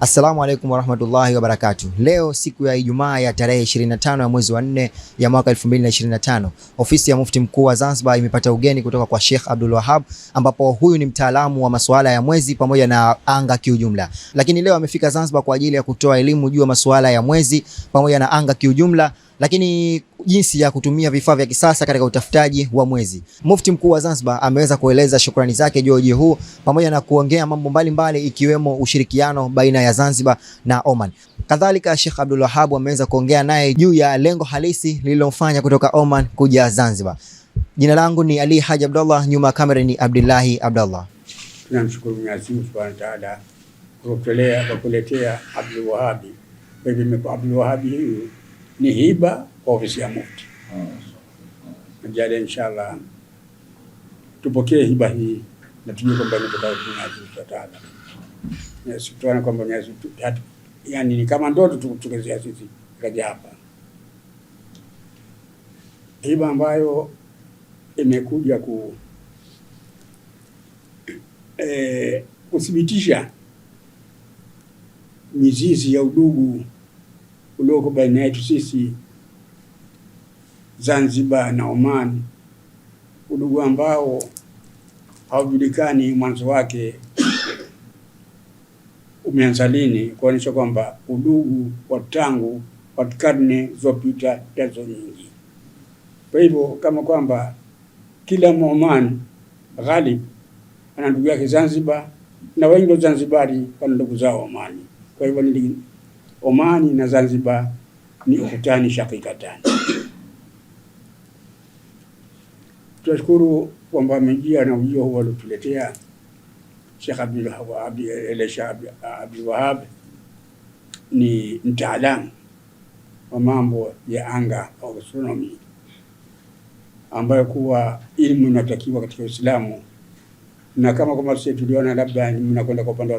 Assalamu alaikum warahmatullahi wabarakatuh. Leo siku ya Ijumaa ya tarehe 25 ya mwezi wa 4 ya mwaka 2025, ofisi ya Mufti Mkuu wa Zanzibar imepata ugeni kutoka kwa Sheikh Abdul Wahab, ambapo huyu ni mtaalamu wa masuala ya mwezi pamoja na anga kiujumla, lakini leo amefika Zanzibar kwa ajili ya kutoa elimu juu ya masuala ya mwezi pamoja na anga kiujumla lakini jinsi ya kutumia vifaa vya kisasa katika utafutaji wa mwezi. Mufti mkuu wa Zanzibar ameweza kueleza shukrani zake juu ya huu pamoja na kuongea mambo mbalimbali ikiwemo ushirikiano baina ya Zanzibar na Oman. Kadhalika, Sheikh Abdul Wahab ameweza kuongea naye juu ya lengo halisi lililomfanya kutoka Oman kuja Zanzibar. Jina langu ni Ali Haji Abdullah, nyuma ya kamera ni Abdullahi Abdullah. Tunamshukuru Mwenyezi Mungu Subhanahu wa Ta'ala kwa kuletea Abdul Wahab. Kwa hivyo Abdul Wahab huyu ni hiba kwa ofisi ya Mufti. Jalia, inshallah tupokee hiba hii na tujue kwamba imetoka kwa kwamba Mwenyezi yani ni kama ndoto tukezea sisi kaja hapa hiba ambayo imekuja ku eh, kuthibitisha mizizi ya udugu ulioko baina yetu sisi Zanzibar na Oman, udugu ambao haujulikani mwanzo wake umeanza lini, kuonyesha kwamba udugu wa tangu wa karne zilizopita tazo nyingi. Kwa hivyo kama kwamba kila Muoman ghalib ana ndugu yake Zanzibar, na wengi wa Zanzibari wana ndugu zao Omani. Kwa hivyo Omani na Zanzibar ni ukutani shakikatani. Tunashukuru kwamba amejia na ujio huu aliotuletea Sheikh Abdul Wahab ni mtaalamu wa mambo ya anga au astronomy, ambayo kuwa ilmu inatakiwa katika Uislamu, na kama kama tuliona labda mnakwenda kwa upande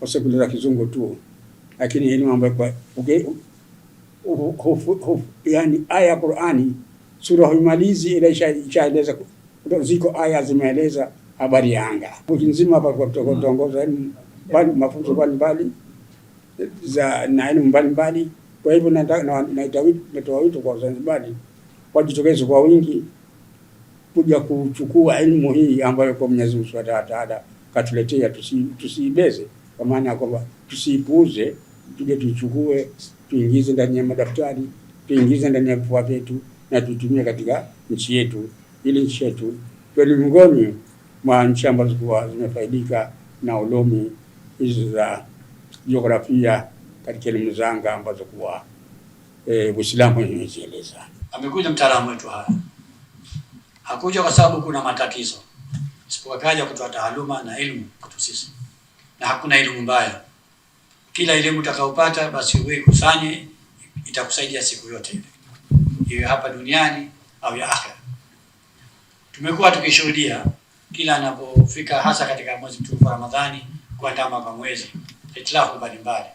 wa sekula za kizungu tu lakini elimu ambayo kwa okay, yani aya ya Qur'ani sura huimalizi ile ishaeleza, ziko aya zimeeleza habari ya anga wiki nzima hapa kutongoza mafunzo mbalimbali za na elimu mbalimbali. Kwa hivyo natoa wito kwa Wazanzibari wajitokeze kwa wingi kuja kuchukua elimu hii ambayo kwa Mwenyezi Mungu Subhanahu wa Ta'ala katuletea, tusiibeze, kwa maana ya kwamba tusiipuuze tuje tuichukue, tuingize ndani ya madaftari, tuingize ndani ya vifua vyetu na tuitumie katika nchi yetu, ili nchi yetu tuwe ni miongoni mwa nchi ambazo zilikuwa zimefaidika na ulomi hizi za jiografia katika elimu zanga ambazo kuwa eh, Uislamu imezieleza. Amekuja mtaalamu wetu haya, hakuja kwa sababu kuna matatizo, isipokuwa kaja kutoa taaluma na elimu kwetu sisi, na hakuna elimu mbaya kila elimu utakaopata basi wewe kusanye, itakusaidia siku yote ile, iwe hapa duniani au ya akhera. Tumekuwa tukishuhudia kila anapofika hasa katika mwezi mtukufu wa Ramadhani kuandama kwa mwezi, itilafu mbalimbali,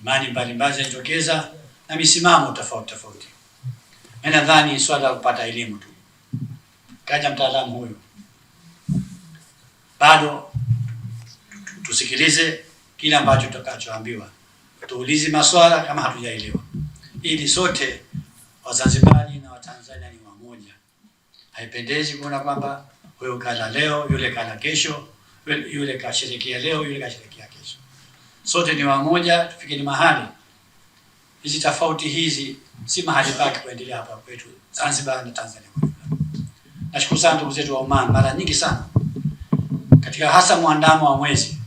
imani mbalimbali zinajitokeza na misimamo tofauti tofauti. Mimi nadhani swala la kupata elimu tu, kaja mtaalamu huyu, bado tusikilize kile ambacho tutakachoambiwa, tuulize maswala kama hatujaelewa, ili sote Wazanzibari na Watanzania ni wamoja. Haipendezi kuona kwamba huyo kala leo, yule kala kesho, yule kashirikia leo, yule kashirikia kesho. Sote ni wamoja, tufike ni mahali hizi tofauti hizi si mahali pake kuendelea hapa kwetu Zanzibar na Tanzania. Nashukuru sana ndugu zetu wa Oman mara nyingi sana katika hasa mwandamo wa mwezi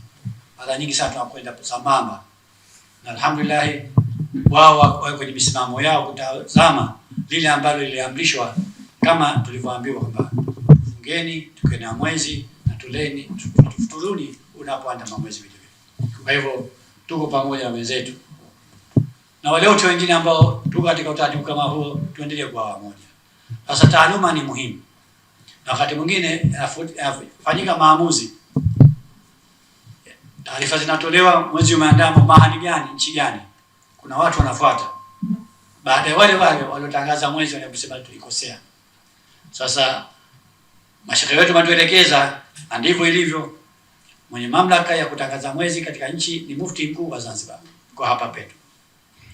mara nyingi sana tunakwenda sambamba, na alhamdulillah wao wako kwenye misimamo yao kutazama lile ambalo liliamrishwa, kama tulivyoambiwa kwamba fungeni, tukena mwezi na tuleni, tufuturuni unapoandama mwezi vile vile. Kwa hivyo tuko pamoja na wenzetu na wale wote wengine ambao tuko katika utaratibu kama huo, tuendelee kuwa pamoja. Sasa taaluma ni muhimu, na wakati mwingine yanafanyika maamuzi Taarifa zinatolewa mwezi umeandamo, mahali gani, nchi gani, kuna watu wanafuata baada ya wale wale waliotangaza mwezi wanaposema tulikosea. Sasa mashaka wetu matuelekeza, na ilivyo. Mwenye mamlaka ya kutangaza mwezi katika nchi ni mufti mkuu wa Zanzibar kwa hapa petu,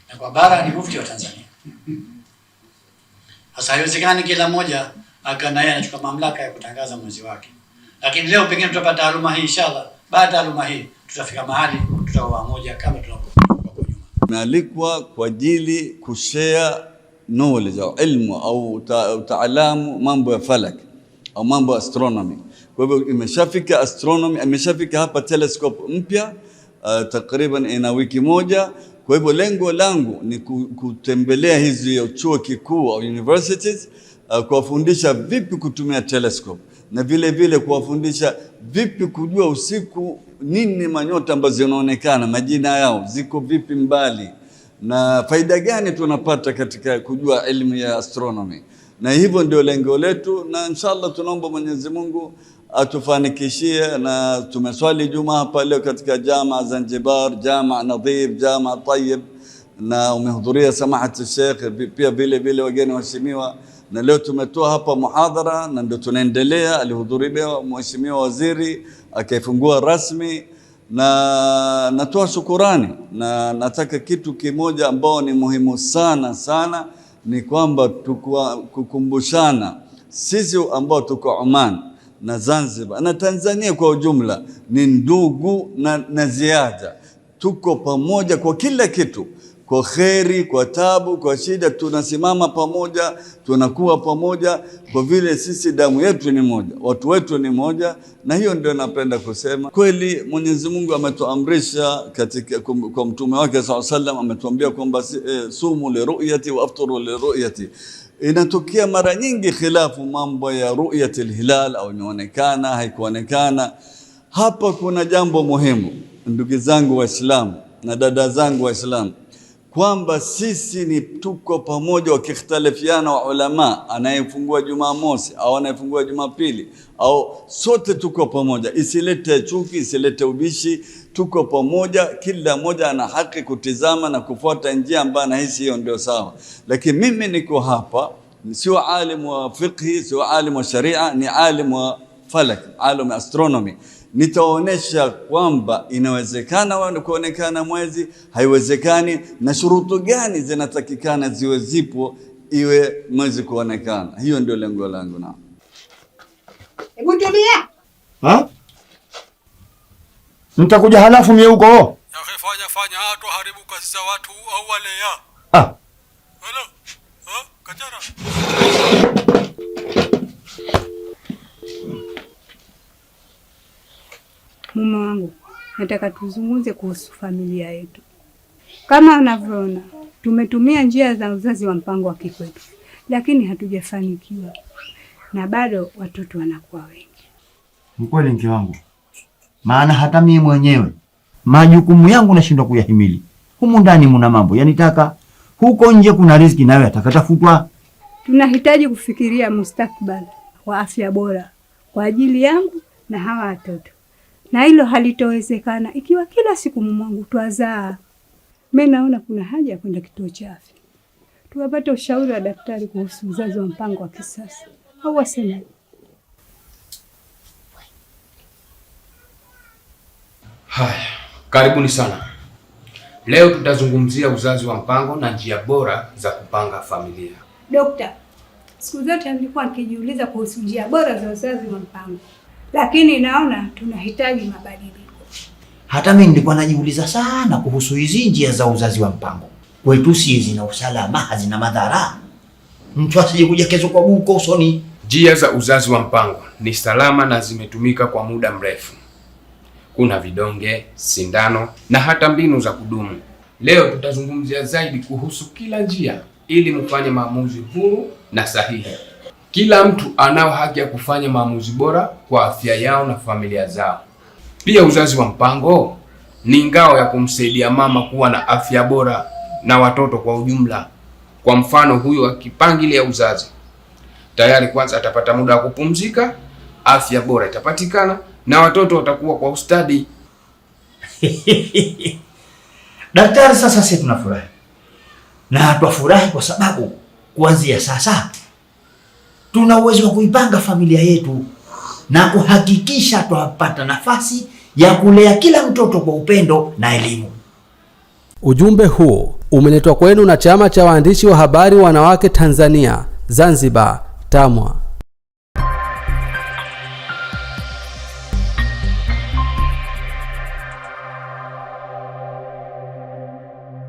na kwa bara ni mufti wa Tanzania. Sasa haiwezekani kila mmoja aka naye anachukua mamlaka ya kutangaza mwezi wake, lakini leo pengine tutapata taaluma hii inshallah baada ya hii tutafika mahali tutakuwa moja kama tunapokuwa nyuma. Tumealikwa kwa ajili kushare knowledge au ilmu au taalamu mambo ya falak au mambo ya astronomy. Kwa hivyo imeshafika astronomy, imeshafika hapa telescope mpya uh, takriban ina wiki moja. Kwa hivyo lengo langu ni kutembelea hizi chuo kikuu au universities uh, kuwafundisha vipi kutumia telescope na vile vile kuwafundisha vipi kujua usiku nini manyota ambazo zinaonekana majina yao ziko vipi mbali, na faida gani tunapata katika kujua elimu ya astronomy. Na hivyo ndio lengo letu, na inshallah tunaomba Mwenyezi Mungu atufanikishie. Na tumeswali juma hapa leo katika Jamaa Zanzibar, Jamaa Nadhif, Jamaa Tayib, na umehudhuria samahati Sheikh, pia vile vile wageni waheshimiwa na leo tumetoa hapa muhadhara na ndio tunaendelea. Alihudhuria mheshimiwa waziri akaifungua rasmi, na natoa shukurani, na nataka kitu kimoja ambao ni muhimu sana sana ni kwamba tukua, kukumbushana sisi ambao tuko Oman na Zanzibar na Tanzania kwa ujumla ni ndugu na, na ziada tuko pamoja kwa kila kitu kwa kheri, kwa tabu, kwa shida, tunasimama pamoja, tunakuwa pamoja, kwa vile sisi damu yetu ni moja, watu wetu ni moja. Na hiyo ndio napenda kusema kweli, Mwenyezi Mungu ametuamrisha katika kwa mtume wake saa salam, ametuambia kwamba e, sumu liruyati wa afturu liruyati. Inatokea mara nyingi khilafu mambo ya ruyati lhilal au inaonekana haikuonekana. Hapa kuna jambo muhimu, ndugu zangu Waislamu na dada zangu Waislamu kwamba sisi ni tuko pamoja, wakikhtalifiana wa ulama, anayefungua Jumamosi au anayefungua Jumapili au sote tuko pamoja, isilete chuki, isilete ubishi, tuko pamoja. Kila mmoja ana haki kutizama na kufuata njia ambayo anahisi hiyo ndio sawa, lakini mimi niko hapa, sio alimu wa fiqhi, sio alimu wa sharia, ni alimu wa falak, alam astronomy, nitaonyesha kwamba inawezekana kuonekana mwezi, haiwezekani, na shurutu gani zinatakikana ziwe zipo iwe mwezi kuonekana. Hiyo ndio lengo langu. Na hebu tumia ha mtakuja halafu mie huko ya fanya fanya, hato haribu kazi za watu au wale ya ah, hello ha kajara mume wangu, nataka tuzungumze kuhusu familia yetu. Kama unavyoona, tumetumia njia za uzazi wa mpango wa kikwetu, lakini hatujafanikiwa na bado watoto wanakuwa wengi. mkweli kweli mke wangu, maana hata mimi mwenyewe majukumu yangu nashindwa kuyahimili. Humu ndani muna mambo yanitaka, huko nje kuna riziki nayo atakatafutwa. Tunahitaji kufikiria mustakbal wa afya bora kwa ajili yangu na hawa watoto na hilo halitowezekana ikiwa kila siku mume twazaa. Mi naona kuna haja ya kwenda kituo cha afya tuwapate ushauri wa daktari kuhusu uzazi wa mpango wa kisasa, au wasema Haya, karibuni sana. Leo tutazungumzia uzazi wa mpango na njia bora za kupanga familia. Dokta, siku zote nilikuwa nikijiuliza kuhusu njia bora za uzazi wa mpango lakini naona tunahitaji mabadiliko. Hata mimi nilikuwa najiuliza sana kuhusu hizi njia za uzazi wa mpango kwetu si zina usalama, hazina madhara, mtu asije kuja kesho kwa buko usoni. Njia za uzazi wa mpango ni salama na zimetumika kwa muda mrefu. Kuna vidonge, sindano na hata mbinu za kudumu. Leo tutazungumzia zaidi kuhusu kila njia ili mfanye maamuzi huru na sahihi. Kila mtu anao haki ya kufanya maamuzi bora kwa afya yao na familia zao. Pia uzazi wa mpango ni ngao ya kumsaidia mama kuwa na afya bora na watoto kwa ujumla. Kwa mfano, huyu akipangilia uzazi tayari, kwanza atapata muda wa kupumzika, afya bora itapatikana na watoto watakuwa kwa ustadi. Daktari, sasa sisi tunafurahi na twafurahi kwa sababu kuanzia sasa tuna uwezo wa kuipanga familia yetu na kuhakikisha twapata nafasi ya kulea kila mtoto kwa upendo na elimu. Ujumbe huu umeletwa kwenu na Chama cha Waandishi wa Habari Wanawake Tanzania Zanzibar, TAMWA.